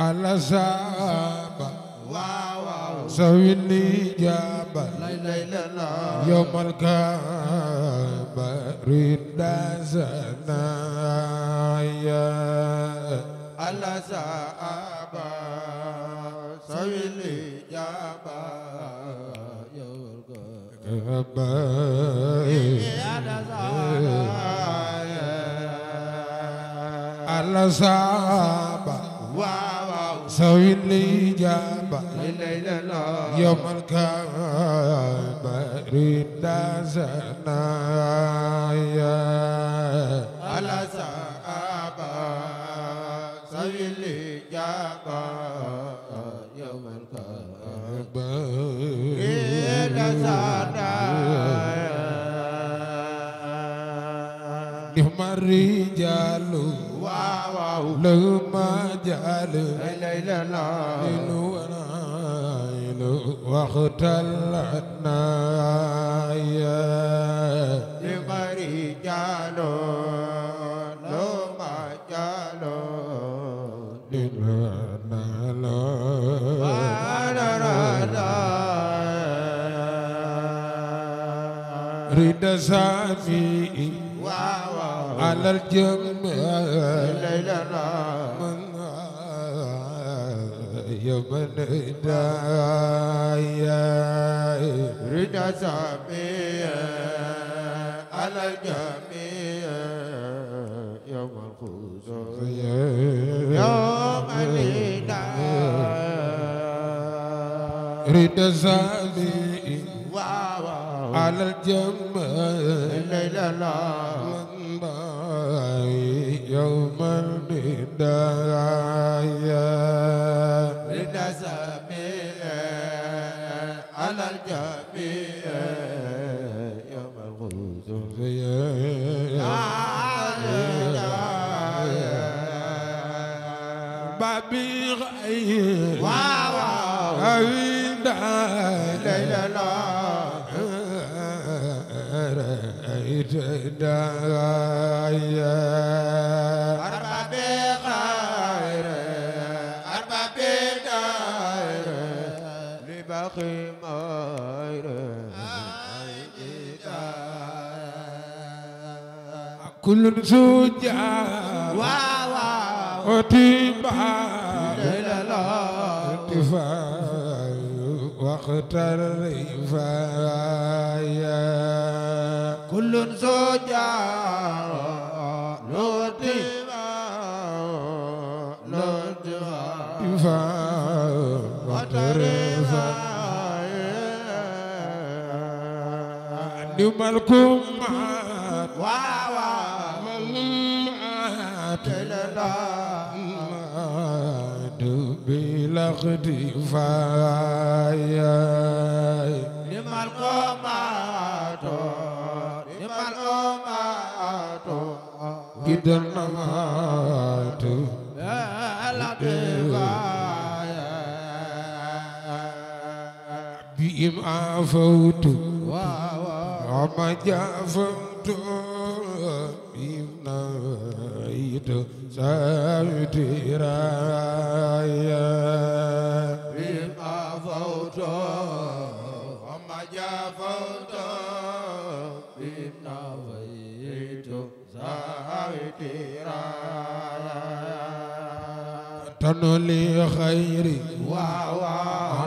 على زابا واو سوي لي جابا لا لا لا يوم الكعبة ردا زنايا على زابا سوي لي جابا يوم الكعبة على زابا سوي الإجابة يوم الكامل ريم دازنا رد سامي على الجمع ليلنا من يوم الهداية رد سامي على الجميع يوم الخزوع يوم الهداية رد سامي على الجمع لنا من باي يوم البداية كل زوجة وتبع الاتفاق وقت الرفاية كل زوجة dimbal ku maat waawa ma maat maat bi laxdi faayay dimbal ku maato dimbal ku maato gidan na maato laxdi faayay bi im afawtu waaw وما جافمت من عيد سعيد رايا بما فوت وما جافمت من عيد سعيد رايا تنولي خيري واو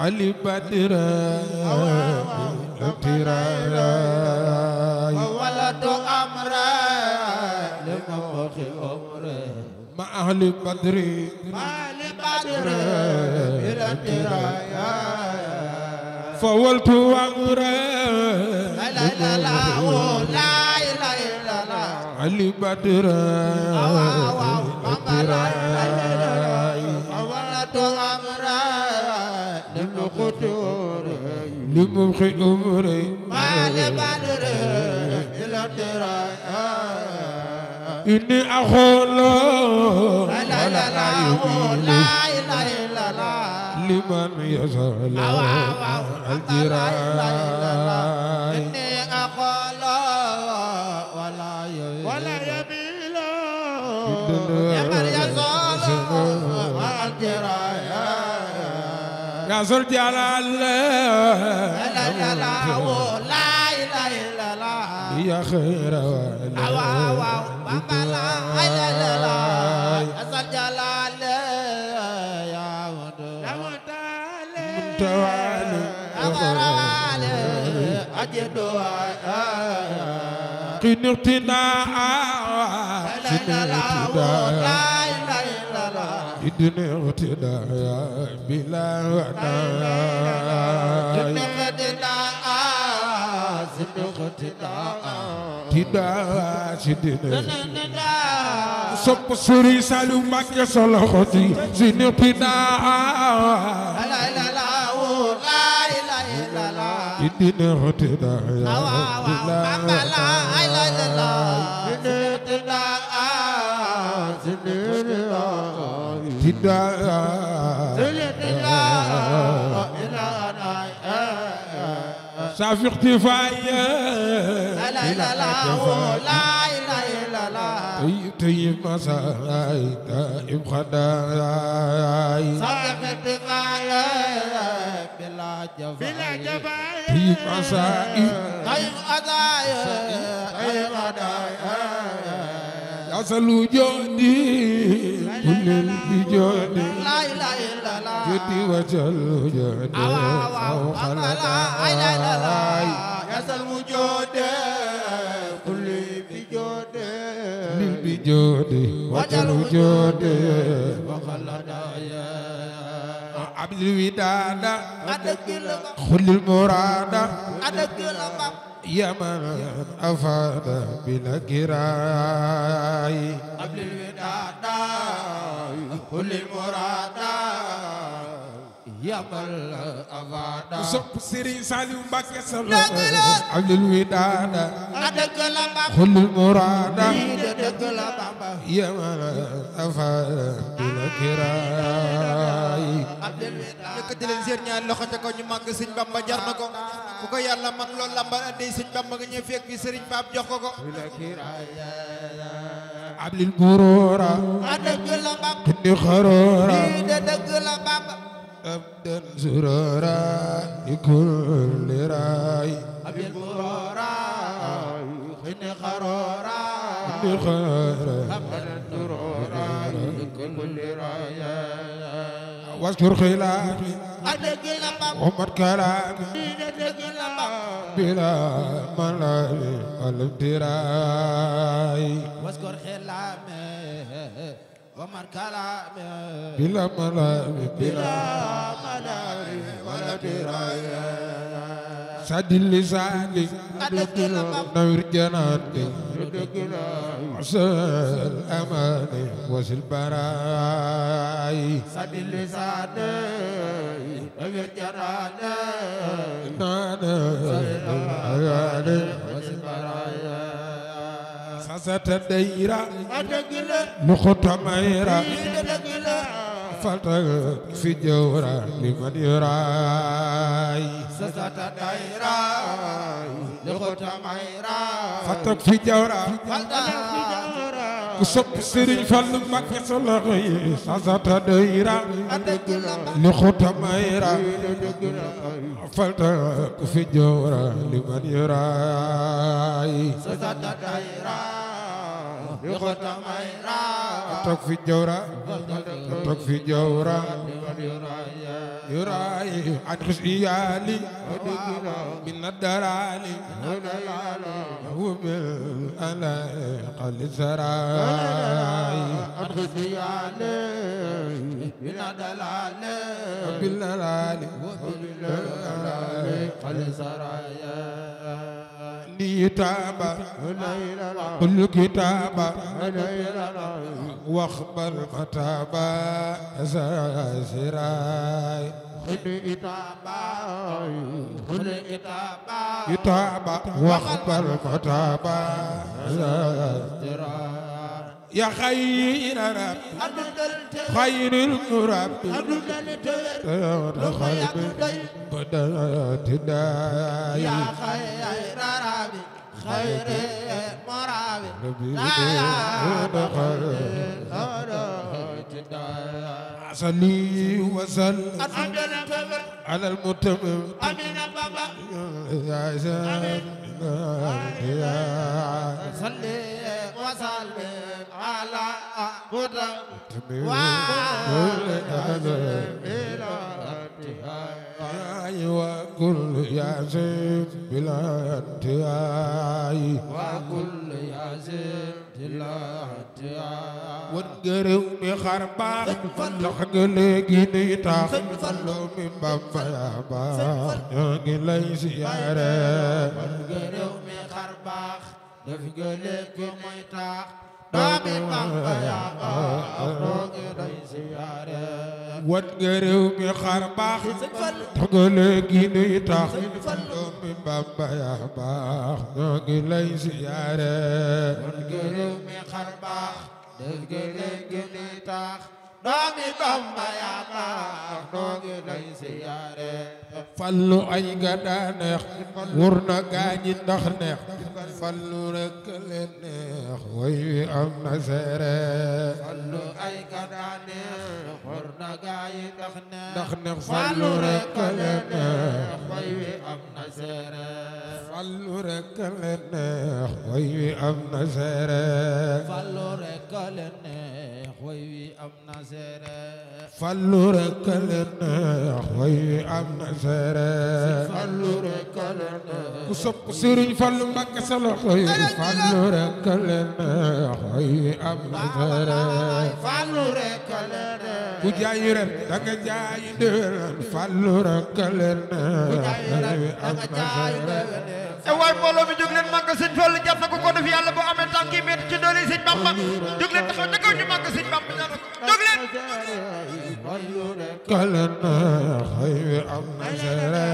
علي بدرا بدرا وولد أمرا لموخ أمره مع أهل بدر مع أهل بدر بدرا فولت أمرا لا لا لا لا لا لا علي بدرا بدرا فولت أمرا لممخ أمري ما لبدر إلى الدراء إني أقول لا لا لا لا إله إلا الله لمن يزال الدراء إني أقول ولا يبيل ذو الجلال لا اله الا الله يا خير واو واو بابا لا اله الا الله ذو الجلال يا ود متوالي متوالي اجدوا قنقتنا لا اله الا الله الدنيا ابتداء بلا وداع جنقتنا سبقتنا تدا شدنا سب سوري سالو مكة صلختي زنبنا لا لا لا لا لا لا لا الدنيا ابتداء بلا وداع جنقتنا سبقتنا سافي اختفايا لا لا لا لا لا لا لا طيب ما سرايت ابخداي سافي اختفايا بلا جفاي بلا جفاي طيب أسائي طيب أداي طيب أداي asalu jodi kunen bi jodi la ilaha illallah jodi wa jalu jodi aw khalata la ilaha asalu jodi kulli bi jodi lil bi jodi wa jalu jodi wa khalata ya abdul widada adakil khulil murada adakil يا من أفاد بلا قراي قبل الوداد كل المراد يا من أفاد سب سيري سالي مباكي سلو قبل الوداد كل المراد يا من أفاد بلا قراي yëkkati leen seen ñaari loxo ca ko ñu màgg sëñ bamba jar ko ku ko yàlla man loolu lambal andey sëñ bamba nga ñëw fekk fi sëriñ Pape jox ko ko ablil burura dëgg la واذكر خلال أمة كلام بلا ملل والابتلاء واذكر خلال ومر كلام بلا ملل بلا ملل والابتلاء سعد لساني نور جناني وصل أماني وصل براي سعد لساني نور جناني وصل أماني وصل براي ساسة دايرة نخطة مايرة فلتك في جورة لمن يراي ستا دايرا لخوت مايرا فتب في جورا كسب سيرين فالو مك سلغي ستا دايرا لخوت مايرا فالتا كفي جورا لمن يراي ستا دايرا toog fi jawra toog fi jawra yuraayi an xus iyaali min addaraali wumil ala qali saraayi an xus iyaali min addaraali bilalaali qali saraayi كتابا قل كتابا واخبر كتابا زازراي خل كتابا خل كتابا كتابا واخبر كتابا زازراي يا خير رب خير القرب خير بدات يا خير رب خير مراوي دايا خير صلي وسلم على المتمم امين بابا يا يا صلي وسلم على متمم انتهاي وكل يا زيد بلا انتهاي وكل يا زيد بلا انتهاي ونقرب بخربا لحق لقي نيتا فلو من بابا يا با يوغي لي زيارة ونقرب بخربا لحق لقي نيتا doomi Bamba yaa baaxoo ngi lay siyaare wat nga réew mi xar baax tax nga léegi nuy tax doomi Bamba yaa baax ñoo ngi lay siyaare wat nga réew mi xar baax tax nga léegi nuy tax doomi Bamba yaa baax noo ngi lay siyaare fallu ay ga daa neex wur na gaañi ndax neex fallu rekk leen neex way wi am na seere fallu ay ga daa neex wur na gaañi ndax neex ndax neex fallu rekk leen neex way wi am na seere fallu rekk leen neex way wi am na seere fallu rekk leen neex way wi am na seere fallu rekk leen neex way wi am na seere fallu rekk leen neex ku sopp sëriñ fallu Mbàkke sa loxo yi fallu rekk leen neex way wi am na seere fallu rekk leen neex ku jaayi ren da nga jaayi déwén fallu rekk leen neex way wi am na seere e waay mbooloo mi jóg leen màgg ko ko def yàlla bu amee tànk yi ci doole Bamba jóg leen taxaw ca kaw ñu màgg Bamba ñaanal ko jóg leen kalana xaywi am nasara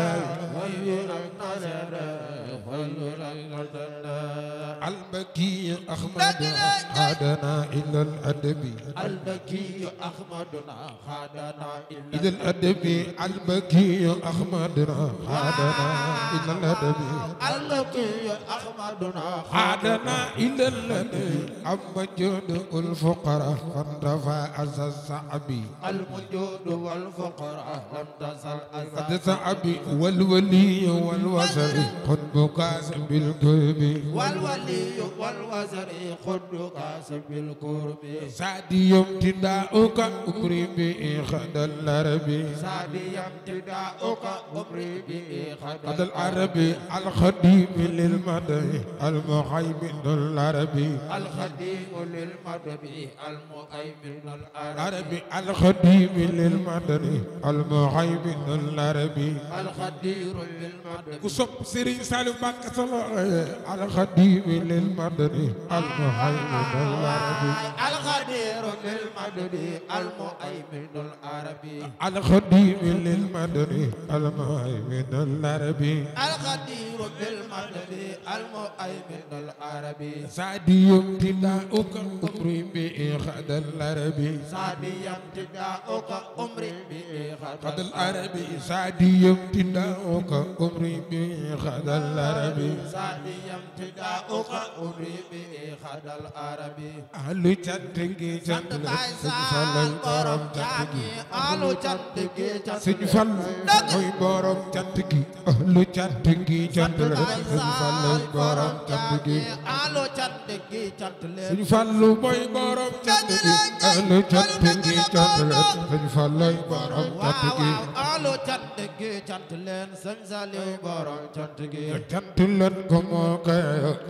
البكي أحمد خادنا إلى الأدب البكي أحمدنا خادنا إلى الأدب البكي أحمدنا خادنا إلى الأدب البكي أحمدنا خادنا إلى الأدب أما جود الفقراء فانتفع أسى الصعبي المجود والفقراء لم تزل أسى الصعبي والولي والوسل قد بكاس بالقلب والولي العلي والوزر خدك سب الكرب سعدي امتداؤك أمري به خد العربي سعدي امتداؤك أمري به خد العربي الخديم للمدح المهيمن العربي الخديم للمدح المهيمن العربي الخديم للمدح المهيمن العربي الخدير للمدح كسب سيري سالم بكسل الخديم للمدد المهيمن العربي القدير للمدد المؤمن العربي القديم للمدد المهيمن العربي القدير للمدد المؤمن العربي سعدي امتداؤك عمري بإخاد العربي سعدي امتداؤك عمري بإخاد العربي سعدي امتداؤك عمري بإخاد العربي سعدي امتداؤك xuri bi xadal arabi alu cant gi borom cant gi alu cant gi cant suñu fal mooy borom cant gi alu cant cant gi cant leen suñu fallu mooy borom cant gi alu cant gi cant leen suñu fallu borom cant gi alu cant gi cant leen suñu saliw borom cant gi cant leen ko moo kay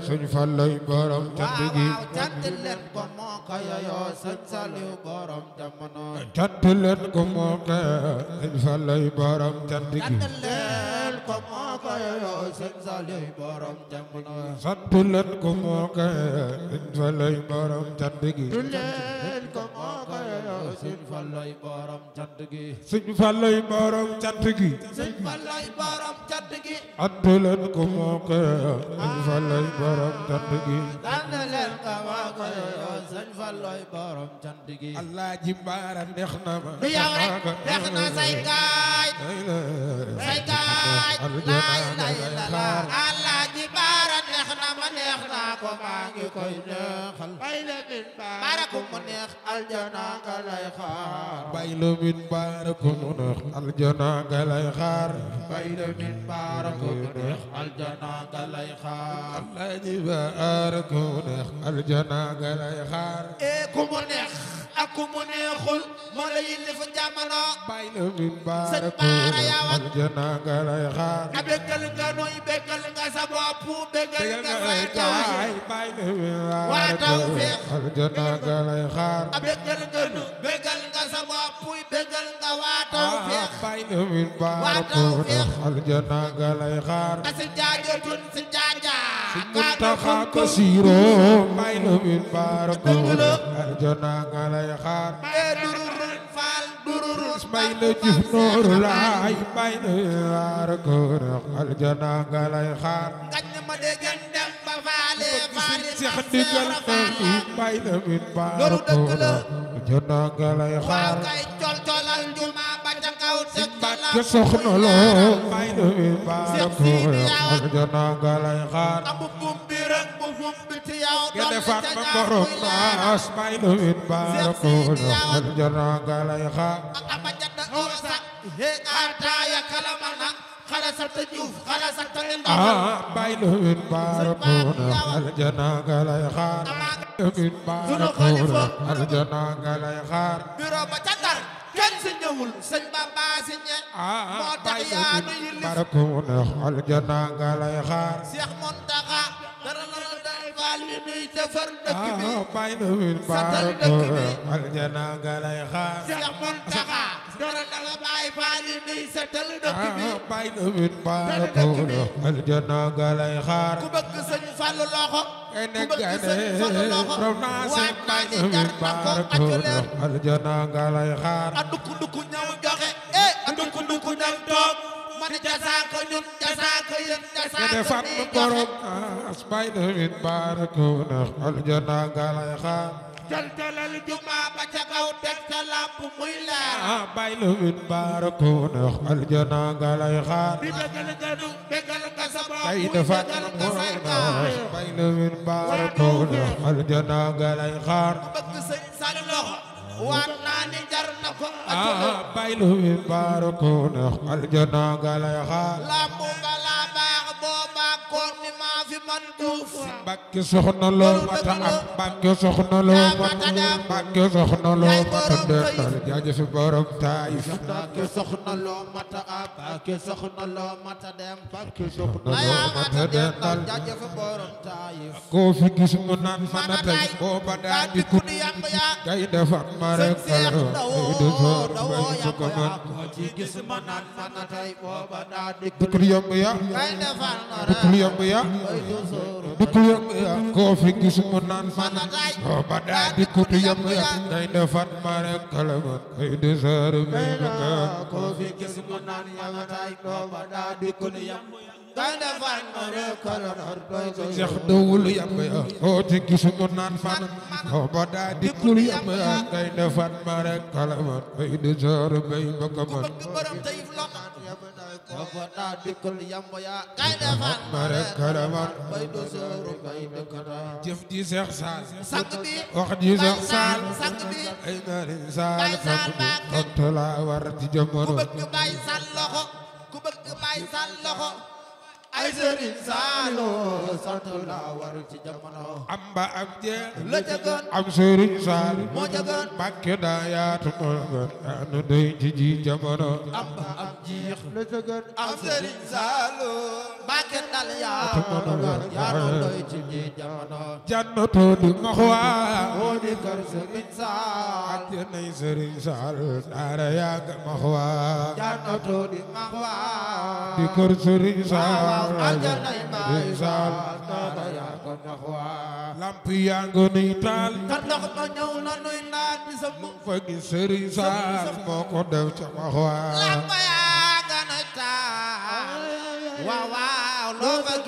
suñu fallu borom cant gi cant leen ko moo kay yo suñu saliw borom jamono cant leen ko moo kay suñu fallu borom cant gi cant leen ko moo kay yo suñu saliw borom jamono sant leen ko moo moo ko falay borom cant gi sëñ Falloy borom cant gi sëñ Falloy borom cant gi sëñ Falloy borom cant gi antu leen ko moo ko sëñ Falloy borom cant gi daan leen ko moo ko sëñ Falloy borom cant gi Allah ji baara neex na ma du yow rek neex na say gaay say gaay la ilaha illallah Allah ji baara neex na ma neex naa ko maa ngi koy neexal bay le bin baara ko mu neex aljana lay xaar bay lu min baara ko mu neex aljana nga lay xaar bay lu min baara ko mu neex aljana nga lay xaar bay lu min baara ko mu neex aljana nga lay xaar e ku mu neex ku mu neexul moo la yilif jamono bay la min baara yaa wax aljana nga lay xaar a bégal nga nuy bégal nga sa bopp bégal nga say ah, min waa tawfiq aljana nga lay a bégal nga nu bégal a muntaxa ko siiroo may lu min baarako arjana nga lay xaar may lu jub nooru laay may lu min baarako arjana nga lay xaar seex ndigal na may lu min baarako arjana nga lay xaar ke soxna loo aljana nga lay xaar ke defar ma borom naas may lewin baarako aljana nga lay xaar ah bay lewin baarako aljana nga lay xaar lewin baarako aljana nga lay xaar kenn si ñëwul sëñ Bamba si ñe ah, ah, moo tax yaa nu yilis barakum neex aljana nga lay xaar Cheikh Mountakha mi defar dëkk bi bay do min baar aljana nga lay xaar Cheikh Mountakha dara da nga bay faal mi setal dëkk bi bay do min baar aljana nga lay xaar ku bëgg sëñ Fallu loxo ku bëgg sëñ Fallu loxo waay naa ci jar na ko acculeer aljana nga lay xaar a dukk dukk ñaw joxe eh a dukk dukk ñaw toog di jasaako ñun jasaako yéen jasaako ne fan borom as bay na min baarako ndax aljana nga lay xaar jël jëlal juma ba ca kaw teg sa làmp muy leer ah bay na min baarako ndax aljana nga lay xaar di bégal ganu bégal ka sa bopp bay na fan borom as bay na min baarako ndax aljana nga lay xaar bëgg sëñ sa loxo waat naa ni jar ah, baylu bi baaro ko ndax aljana nga lay xaar. fi man duuf Mbàkke soxna loo mata am Mbàkke soxna loo mata am Mbàkke soxna loo mata dendal jaajëf borom Taayif Mbàkke soxna loo mata am Mbàkke soxna loo mata dem Mbàkke soxna loo mata dendal jaajëf borom Taayif koo fi gis mu naan mana tay booba daa di kut kay defar ma rek kalo ay du soor may su ko man koo ci gis mu naan mana tay booba daa di kut yomb ya kay defar ma rek kalo ay du soor may su ko man dikku yam ya koo fi gis mu naan fan oo ba daa dikku tu yam ya ngay defat ma rek kalamat kay desaar mi nga koo fi gis mu naan yam tay oo ba daa dikku tu yam ngay defat ma rek kalamat kay seex dawul yam ya oo ti gis mu naan fan oo ba daa dikku yam ya ngay defat ma rek kalamat kay desaar mi nga man kobota dikkul yambo yaa kay defaan ma rek karawan bay do sooru bay dëkkata jëf di seex saal sang bi wax di seex saal bi ay naarin saal sang bi tontula war ci jamono ku bëgg bay ay sëriñ saalo sant laa waru ci jamono am ba am jeex la jagoon am sëriñ saalo moo jagoon Mbàkke daa yaatu moon anu doy ci ji jamono am ba am jeex la jagoon am sëriñ saalo Mbàkke dal yaatu moon yaatu doy ci ji jamono jannatu di maxwa moo di kër sëriñ saal ajjanay sëriñ saal daara yaa ga maxwa jannatu di maxwa di kër sëriñ saal aljanna may saal naata yaa ko ñax waa lamp yaa ngi taal ka ndox ma ñëw na nuy naan bi sa mu fa gis sëriñ saal ko def ca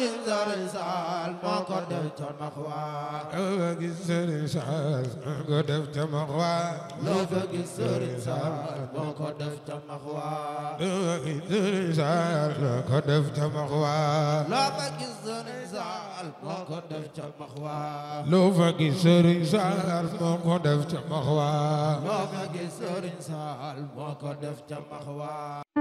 gis sëriñ Saal moo ko def ca Maxwaa. loo fa gis sëriñ Saal moo ko def ca Maxwaa. loo fa gis sëriñ Saal moo ko def ca Maxwaa. loo fa gis sëriñ Saal moo ko def ca Maxwaa. loo fa gis sëriñ Saal moo ko def ca Maxwaa. loo fa gis sëriñ Saal moo ko def ca Maxwaa. loo fa gis sëriñ Saal moo ko def ca Maxwaa.